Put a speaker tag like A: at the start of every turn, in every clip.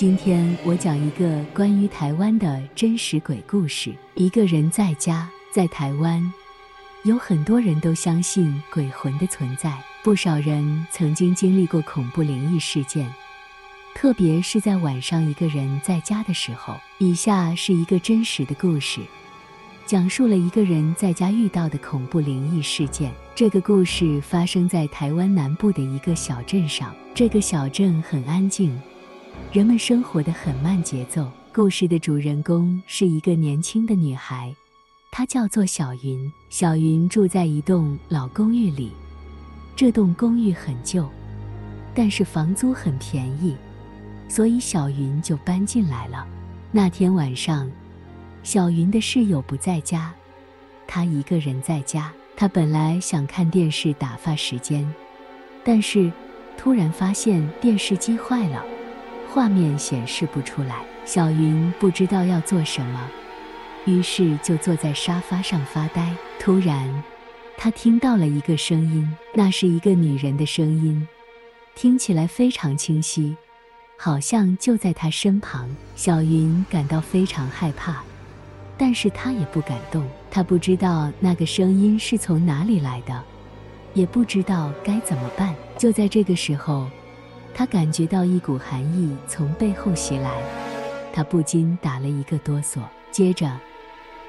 A: 今天我講一個關於台灣的真實鬼故事。一個人在家，在台灣，有很多人都相信鬼魂的存在，不少人曾經經歷過恐怖靈異事件，特別是在晚上一個人在家的時候。以下是一個真實的故事，講述了一個人在家遇到的恐怖靈異事件。這個故事發生在台灣南部的一個小鎮上，這個小鎮很安靜。人們生活得很慢節奏。故事的主人公是一個年輕的女孩，她叫做小雲。小雲住在一棟老公寓裡，這棟公寓很舊，但是房租很便宜，所以小雲就搬進來了。那天晚上，小雲的室友不在家，她一個人在家。她本來想看電視打發時間，但是突然發現電視機壞了。畫面顯示不出來，小雲不知道要做什麼，於是就坐在沙發上發呆。突然，她聽到了一個聲音，那是一個女人的聲音，聽起來非常清晰，好像就在她身旁。小雲感到非常害怕，但是她也不敢動，她不知道那個聲音是從哪裡來的，也不知道該怎麼辦。就在這個時候。他感覺到一股寒意從背後襲來，他不禁打了一個哆嗦。接着，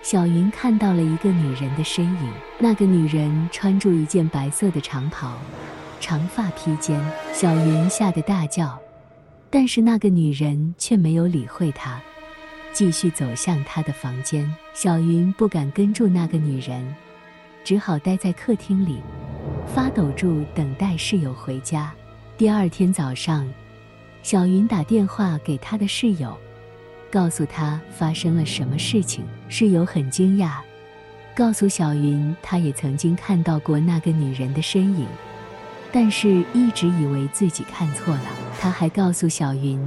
A: 小云看到了一個女人的身影，那個女人穿着一件白色的長袍，長髮披肩。小云嚇得大叫，但是那個女人卻沒有理會她，繼續走向她的房間。小云不敢跟住那個女人，只好待在客廳裡，發抖住等待室友回家。第二天早上，小雲打電話給她的室友，告訴她發生了什麼事情。室友很驚訝，告訴小雲，她也曾經看到過那個女人的身影，但是一直以為自己看錯了。她還告訴小雲，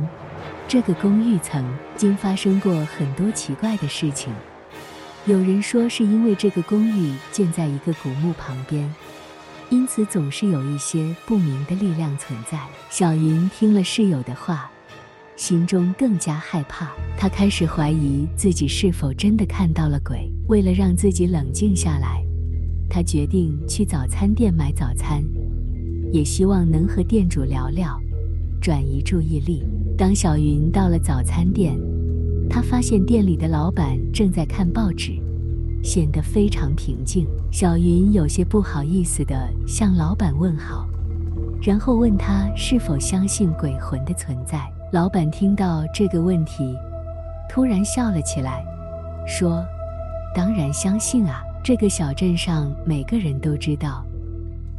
A: 這個公寓曾經發生過很多奇怪的事情，有人說是因為這個公寓建在一個古墓旁邊。因此，總是有一些不明的力量存在。小云聽了室友的話，心中更加害怕。她開始懷疑自己是否真的看到了鬼。為了讓自己冷靜下來，她決定去早餐店買早餐，也希望能和店主聊聊，轉移注意力。當小云到了早餐店，她發現店裡的老闆正在看報紙。顯得非常平靜。小雲有些不好意思的向老板問好，然後問他是否相信鬼魂的存在。老板聽到這個問題，突然笑了起來，說：“當然相信啊，這個小鎮上每個人都知道，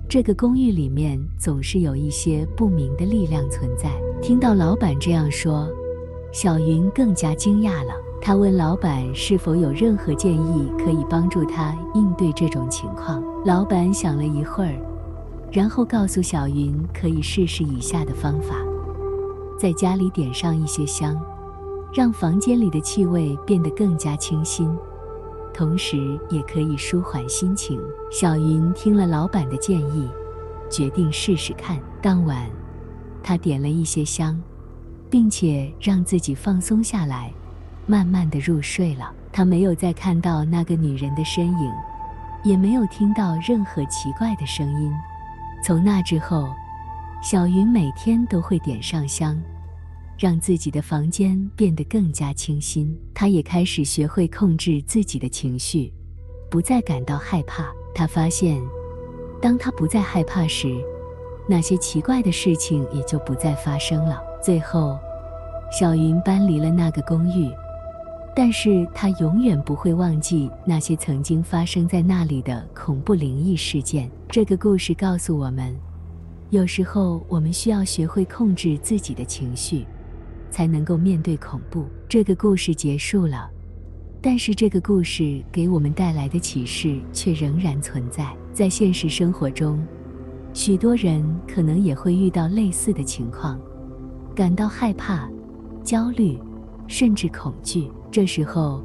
A: 這個公寓裡面總是有一些不明的力量存在。”聽到老板這樣說，小雲更加驚訝了。他問老闆是否有任何建議可以幫助他應對這種情況。老闆想了一會兒，然後告訴小云可以試試以下的方法：在家裡點上一些香，讓房間裡的氣味變得更加清新，同時也可以舒緩心情。小云聽了老板的建議，決定試試看。當晚，他點了一些香，並且讓自己放鬆下來。慢慢的入睡了，他沒有再看到那個女人的身影，也沒有聽到任何奇怪的聲音。從那之後，小云每天都會點上香，讓自己的房間變得更加清新。他也開始學會控制自己的情緒，不再感到害怕。他發現，當他不再害怕時，那些奇怪的事情也就不再發生了。最後，小云搬離了那個公寓。但是他永遠不會忘記那些曾經發生在那裡的恐怖靈異事件。這個故事告訴我們，有時候我們需要學會控制自己的情緒，才能夠面對恐怖。這個故事結束了，但是這個故事給我們帶來的啟示卻仍然存在。在現實生活中，許多人可能也會遇到類似的情況，感到害怕、焦慮，甚至恐懼。這時候，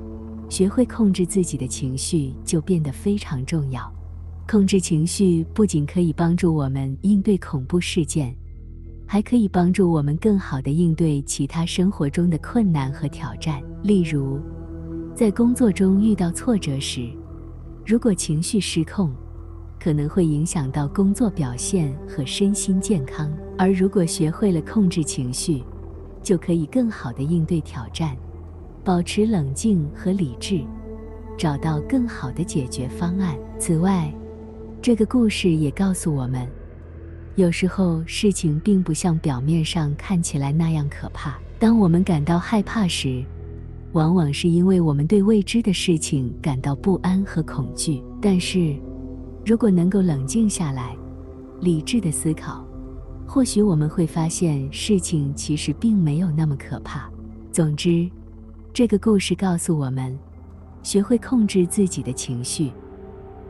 A: 學會控制自己的情緒就變得非常重要。控制情緒不僅可以幫助我們應對恐怖事件，還可以幫助我們更好的應對其他生活中的困難和挑戰。例如，在工作中遇到挫折時，如果情緒失控，可能會影響到工作表現和身心健康；而如果學會了控制情緒，就可以更好的應對挑戰。保持冷靜和理智，找到更好的解決方案。此外，這個故事也告訴我們，有時候事情並不像表面上看起來那樣可怕。當我們感到害怕時，往往是因為我們對未知的事情感到不安和恐懼。但是，如果能夠冷靜下來，理智地思考，或許我們會發現事情其實並沒有那麼可怕。總之，這個故事告訴我們，學會控制自己的情緒，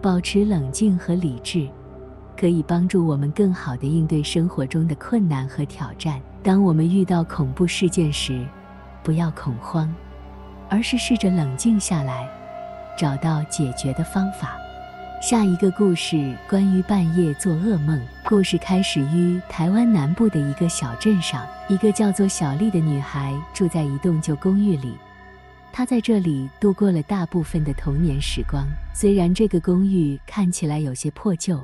A: 保持冷靜和理智，可以幫助我們更好地應對生活中的困難和挑戰。當我們遇到恐怖事件時，不要恐慌，而是試着冷靜下來，找到解決的方法。下一個故事關於半夜做噩夢。故事開始於台灣南部的一個小鎮上，一個叫做小麗的女孩住在一棟舊公寓裡。他在這裡度過了大部分的童年時光。雖然這個公寓看起來有些破舊，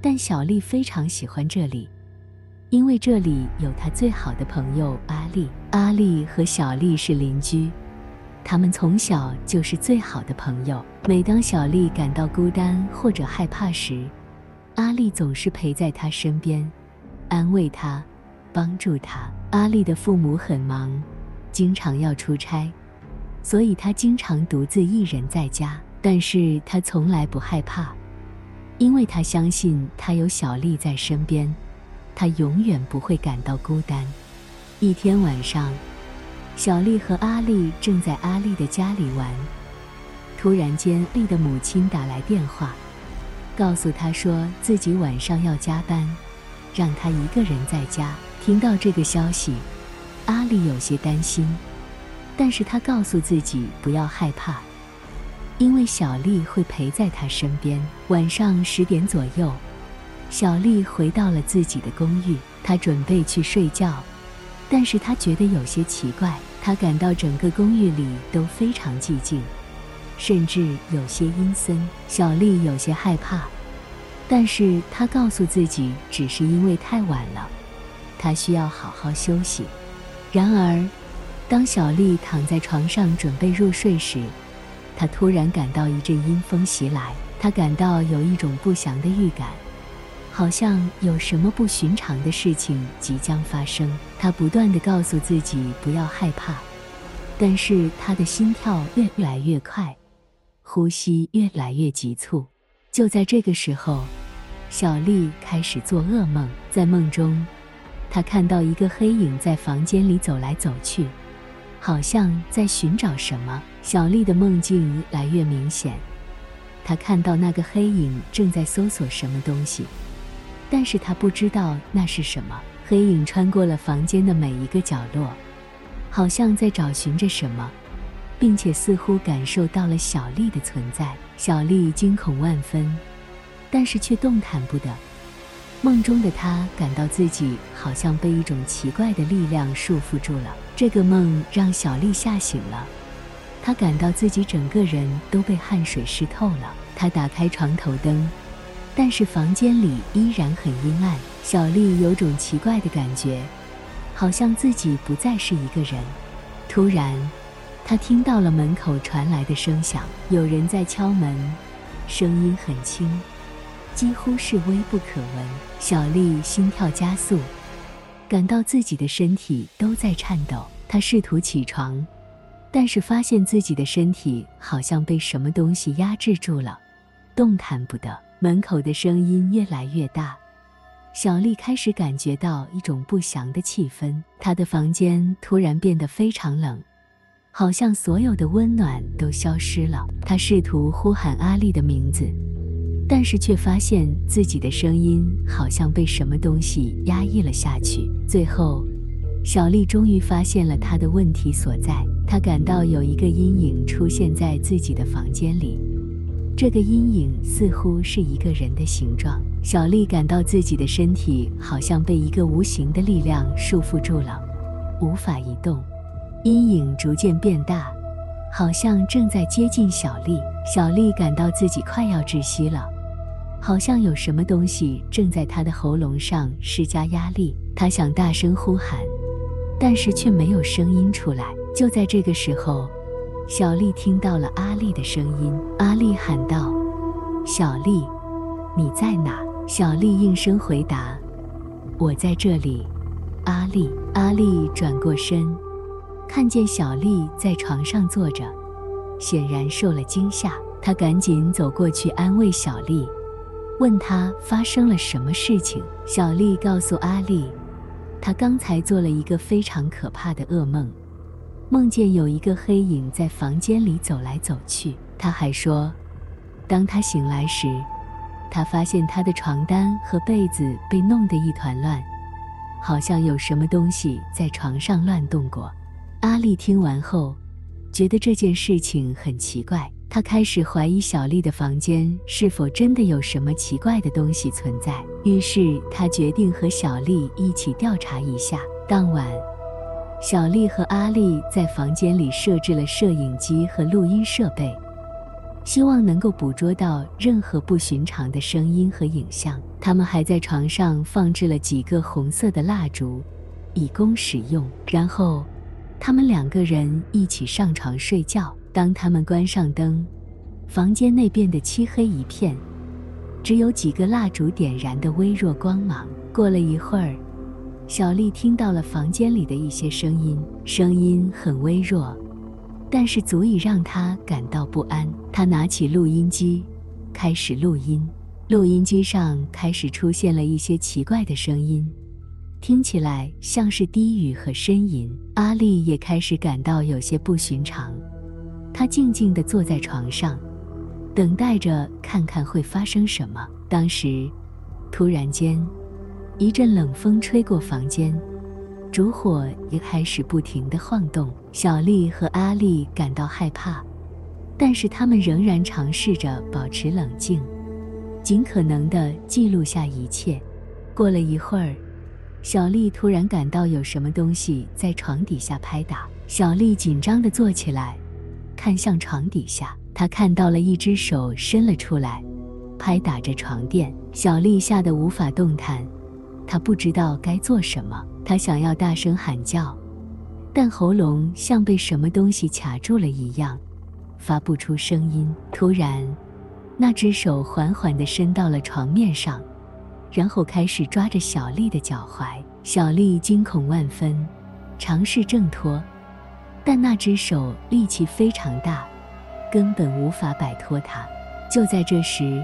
A: 但小麗非常喜歡這裡，因為這裡有她最好的朋友阿麗。阿麗和小麗是鄰居，他們從小就是最好的朋友。每當小麗感到孤單或者害怕時，阿麗總是陪在她身邊，安慰她，幫助她。阿麗的父母很忙，經常要出差。所以他經常獨自一人在家，但是他從來不害怕，因為他相信他有小麗在身邊，他永遠不會感到孤單。一天晚上，小麗和阿麗正在阿麗的家裡玩，突然間，麗的母親打來電話，告訴他說自己晚上要加班，讓他一個人在家。聽到這個消息，阿麗有些擔心。但是他告訴自己不要害怕，因為小麗會陪在他身邊。晚上十點左右，小麗回到了自己的公寓，她準備去睡覺。但是她覺得有些奇怪，她感到整個公寓裡都非常寂靜，甚至有些陰森。小麗有些害怕，但是她告訴自己，只是因為太晚了，她需要好好休息。然而，當小麗躺在床上準備入睡時，她突然感到一陣陰風襲來，她感到有一種不祥的預感，好像有什麼不尋常的事情即將發生。她不斷地告訴自己不要害怕，但是她的心跳越來越快，呼吸越來越急促。就在這個時候，小麗開始做噩夢，在夢中，她看到一個黑影在房間裡走來走去。好像在尋找什麼。小麗的夢境越來越明顯，她看到那個黑影正在搜索什麼東西，但是她不知道那是什麼。黑影穿過了房間的每一個角落，好像在找尋着什麼，並且似乎感受到了小麗的存在。小麗驚恐萬分，但是卻動彈不得。夢中的她感到自己好像被一種奇怪的力量束縛住了。這個夢讓小麗嚇醒了，她感到自己整個人都被汗水濕透了。她打開床頭燈，但是房間裡依然很陰暗。小麗有種奇怪的感覺，好像自己不再是一個人。突然，她聽到了門口傳來的聲響，有人在敲門，聲音很輕。幾乎是微不可聞。小麗心跳加速，感到自己的身體都在顫抖。她試圖起床，但是發現自己的身體好像被什麼東西壓制住了，動彈不得。門口的聲音越來越大，小麗開始感覺到一種不祥的氣氛。她的房間突然變得非常冷，好像所有的溫暖都消失了。她試圖呼喊阿麗的名字。但是卻發現自己的聲音好像被什麼東西壓抑了下去。最後，小麗終於發現了她的問題所在。她感到有一個陰影出現在自己的房間裡，這個陰影似乎是一個人的形狀。小麗感到自己的身體好像被一個無形的力量束縛住了，無法移動。陰影逐漸變大，好像正在接近小麗。小麗感到自己快要窒息了。好像有什麼東西正在他的喉嚨上施加壓力，他想大聲呼喊，但是卻沒有聲音出來。就在這個時候，小麗聽到了阿麗的聲音。阿麗喊道：“小麗，你在哪？”小麗應聲回答：“我在這裡。”阿麗，阿麗轉過身，看見小麗在床上坐着，顯然受了驚嚇。他趕緊走過去安慰小麗。問他發生了什麼事情，小麗告訴阿麗，她剛才做了一個非常可怕的噩夢，夢見有一個黑影在房間裡走來走去。她還說，當她醒來時，她發現她的床單和被子被弄得一團亂，好像有什麼東西在床上亂動過。阿麗聽完後，覺得這件事情很奇怪。他開始懷疑小麗的房間是否真的有什麼奇怪的東西存在，於是他決定和小麗一起調查一下。當晚，小麗和阿麗在房間裡設置了攝影機和錄音設備，希望能夠捕捉到任何不尋常的聲音和影像。他們還在床上放置了幾個紅色的蠟燭，以供使用。然後，他們兩個人一起上床睡覺。當他們關上燈，房間內變得漆黑一片，只有幾個蠟燭點燃的微弱光芒。過了一會兒，小麗聽到了房間裡的一些聲音，聲音很微弱，但是足以讓她感到不安。她拿起錄音機，開始錄音。錄音機上開始出現了一些奇怪的聲音，聽起來像是低語和呻吟。阿麗也開始感到有些不尋常。他靜靜地坐在床上，等待着，看看會發生什麼。當時，突然間，一陣冷風吹過房間，燭火也開始不停地晃動。小麗和阿麗感到害怕，但是他們仍然嘗試着保持冷靜，盡可能地記錄下一切。過了一會兒，小麗突然感到有什麼東西在床底下拍打，小麗緊張地坐起來。看向床底下，她看到了一隻手伸了出來，拍打着床墊。小麗嚇得無法動彈，她不知道該做什麼。她想要大聲喊叫，但喉嚨像被什麼東西卡住了一樣，發不出聲音。突然，那隻手緩緩地伸到了床面上，然後開始抓着小麗的腳踝。小麗驚恐萬分，嘗試掙脫。但那隻手力氣非常大，根本無法擺脫它。就在這時，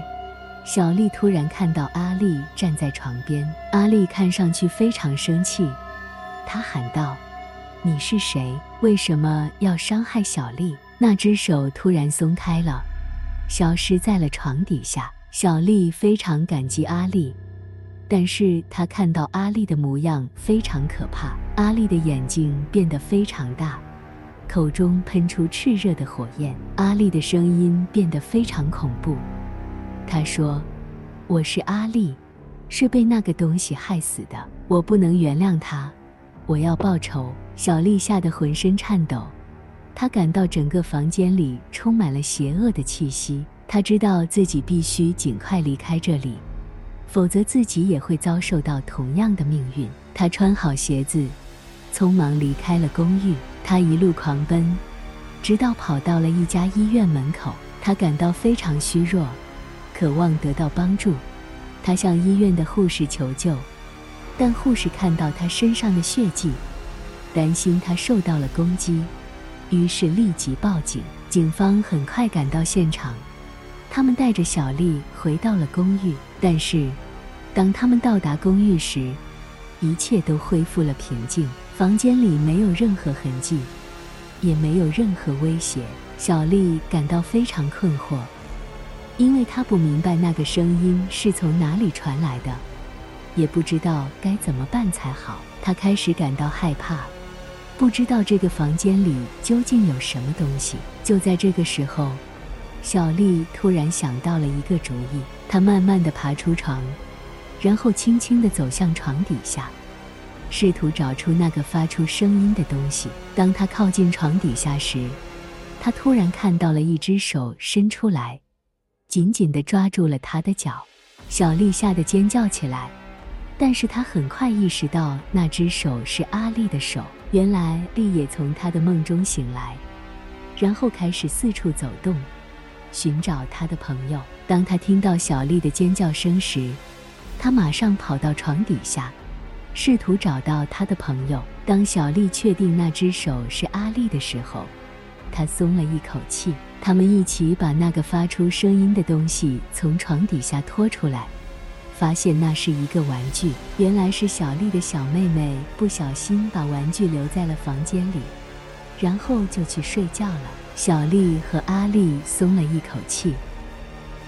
A: 小麗突然看到阿麗站在床邊。阿麗看上去非常生氣，她喊道：“你是誰？為什麼要傷害小麗？”那隻手突然鬆開了，消失在了床底下。小麗非常感激阿麗，但是她看到阿麗的模樣非常可怕。阿麗的眼睛變得非常大。口中噴出熾熱的火焰，阿麗的聲音變得非常恐怖。她說：“我是阿麗，是被那個東西害死的，我不能原諒她，我要報仇。”小麗嚇得渾身顫抖，她感到整個房間裡充滿了邪惡的氣息。她知道自己必須盡快離開這裡，否則自己也會遭受到同樣的命運。她穿好鞋子，匆忙離開了公寓。他一路狂奔，直到跑到了一家醫院門口。他感到非常虛弱，渴望得到幫助。他向醫院的護士求救，但護士看到他身上的血迹，擔心他受到了攻擊，於是立即報警。警方很快趕到現場，他們帶着小麗回到了公寓。但是，當他們到達公寓時，一切都恢復了平靜。房間裡沒有任何痕跡，也沒有任何威脅。小麗感到非常困惑，因為她不明白那個聲音是從哪裡傳來的，也不知道該怎麼辦才好。她開始感到害怕，不知道這個房間裡究竟有什麼東西。就在這個時候，小麗突然想到了一個主意，她慢慢地爬出床，然後輕輕地走向床底下。試圖找出那個發出聲音的東西。當他靠近床底下時，他突然看到了一隻手伸出來，緊緊地抓住了他的腳。小麗嚇得尖叫起來，但是她很快意識到那隻手是阿麗的手。原來麗也從他的夢中醒來，然後開始四處走動，尋找他的朋友。當他聽到小麗的尖叫聲時，他馬上跑到床底下。試圖找到他的朋友。當小麗確定那只手是阿麗的時候，她鬆了一口氣。他們一起把那個發出聲音的東西從床底下拖出來，發現那是一個玩具。原來是小麗的小妹妹不小心把玩具留在了房間裡，然後就去睡覺了。小麗和阿麗鬆了一口氣。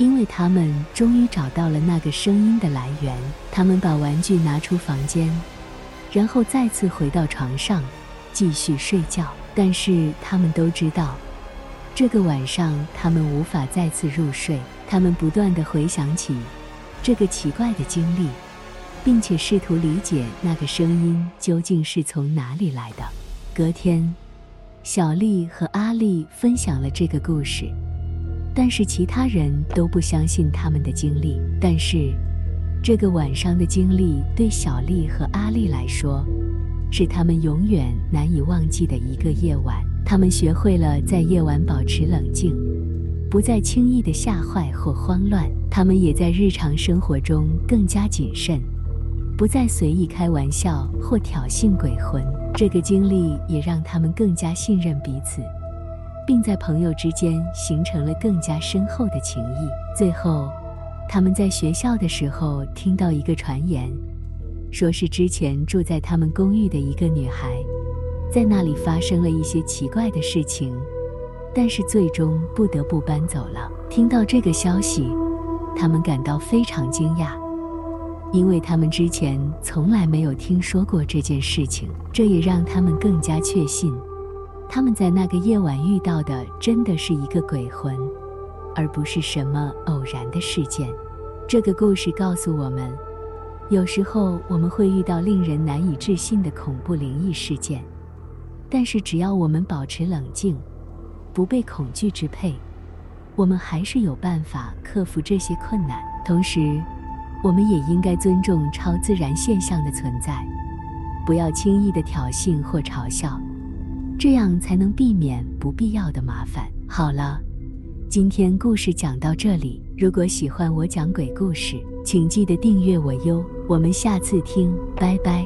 A: 因為他們終於找到了那個聲音的來源，他們把玩具拿出房間，然後再次回到床上繼續睡覺。但是他們都知道，這個晚上他們無法再次入睡。他們不斷地回想起這個奇怪的經歷，並且試圖理解那個聲音究竟是從哪裡來的。隔天，小麗和阿麗分享了這個故事。但是其他人都不相信他們的經歷。但是，這個晚上的經歷對小麗和阿麗來說，是他們永遠難以忘記的一個夜晚。他們學會了在夜晚保持冷靜，不再輕易的嚇壞或慌亂。他們也在日常生活中更加謹慎，不再隨意開玩笑或挑釁鬼魂。這個經歷也讓他們更加信任彼此。並在朋友之間形成了更加深厚的情誼。最後，他們在學校的時候聽到一個傳言，說是之前住在他們公寓的一個女孩，在那裡發生了一些奇怪的事情，但是最終不得不搬走了。聽到這個消息，他們感到非常驚訝，因為他們之前從來沒有聽說過這件事情，這也讓他們更加確信。他們在那個夜晚遇到的真的是一個鬼魂，而不是什麼偶然的事件。這個故事告訴我們，有時候我們會遇到令人難以置信的恐怖靈異事件，但是只要我們保持冷靜，不被恐懼支配，我們還是有辦法克服這些困難。同時，我們也應該尊重超自然現象的存在，不要輕易的挑釁或嘲笑。這樣才能避免不必要的麻煩。好了，今天故事講到這裡。如果喜歡我講鬼故事，請記得訂閱我喲。我們下次聽，拜拜。